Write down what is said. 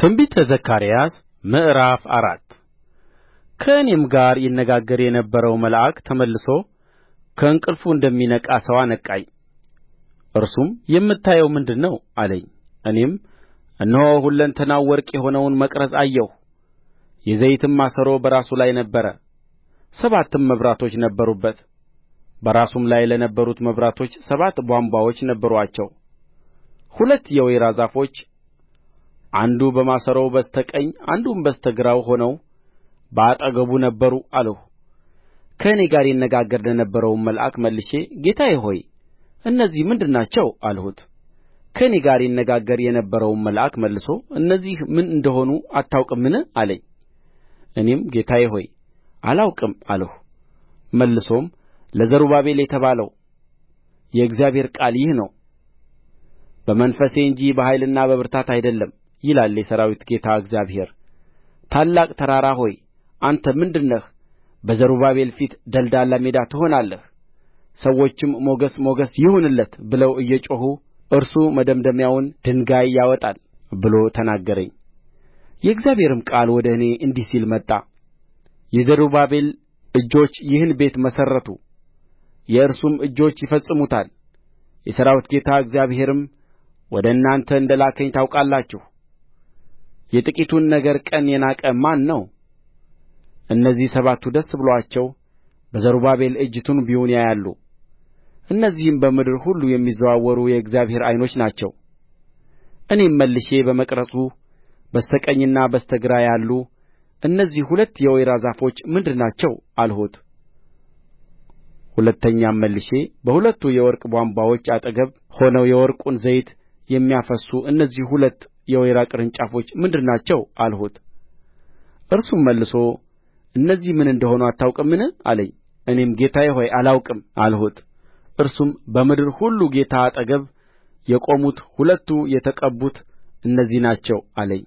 ትንቢተ ዘካርያስ ምዕራፍ አራት ከእኔም ጋር ይነጋገር የነበረው መልአክ ተመልሶ ከእንቅልፉ እንደሚነቃ ሰው አነቃኝ። እርሱም የምታየው ምንድር ነው አለኝ። እኔም እነሆ ሁለንተናው ወርቅ የሆነውን መቅረዝ አየሁ። የዘይትም ማሰሮ በራሱ ላይ ነበረ፣ ሰባትም መብራቶች ነበሩበት። በራሱም ላይ ለነበሩት መብራቶች ሰባት ቧንቧዎች ነበሩአቸው። ሁለት የወይራ ዛፎች አንዱ በማሰሮው በስተ ቀኝ አንዱም በስተ ግራው ሆነው በአጠገቡ ነበሩ አልሁ ከእኔ ጋር ይነጋገር ለነበረውም መልአክ መልሼ ጌታዬ ሆይ እነዚህ ምንድር ናቸው አልሁት ከእኔ ጋር ይነጋገር የነበረውም መልአክ መልሶ እነዚህ ምን እንደ ሆኑ አታውቅምን አለኝ እኔም ጌታዬ ሆይ አላውቅም አልሁ መልሶም ለዘሩባቤል የተባለው የእግዚአብሔር ቃል ይህ ነው በመንፈሴ እንጂ በኃይልና በብርታት አይደለም ይላል የሠራዊት ጌታ እግዚአብሔር ታላቅ ተራራ ሆይ አንተ ምንድር ነህ በዘሩባቤል ፊት ደልዳላ ሜዳ ትሆናለህ ሰዎችም ሞገስ ሞገስ ይሁንለት ብለው እየጮኹ እርሱ መደምደሚያውን ድንጋይ ያወጣል ብሎ ተናገረኝ የእግዚአብሔርም ቃል ወደ እኔ እንዲህ ሲል መጣ የዘሩባቤል እጆች ይህን ቤት መሠረቱ የእርሱም እጆች ይፈጽሙታል የሠራዊት ጌታ እግዚአብሔርም ወደ እናንተ እንደ ላከኝ ታውቃላችሁ የጥቂቱን ነገር ቀን የናቀ ማን ነው እነዚህ ሰባቱ ደስ ብሎአቸው በዘሩባቤል እጅ ቱንቢውን ያያሉ እነዚህም በምድር ሁሉ የሚዘዋወሩ የእግዚአብሔር ዓይኖች ናቸው እኔም መልሼ በመቅረዙ በስተ ቀኝና በስተ ግራ ያሉ እነዚህ ሁለት የወይራ ዛፎች ምንድር ናቸው አልሁት ሁለተኛም መልሼ በሁለቱ የወርቅ ቧንቧዎች አጠገብ ሆነው የወርቁን ዘይት የሚያፈስሱ እነዚህ ሁለት የወይራ ቅርንጫፎች ምንድር ናቸው አልሁት እርሱም መልሶ እነዚህ ምን እንደ ሆኑ አታውቅምን አለኝ እኔም ጌታዬ ሆይ አላውቅም አልሁት እርሱም በምድር ሁሉ ጌታ አጠገብ የቆሙት ሁለቱ የተቀቡት እነዚህ ናቸው አለኝ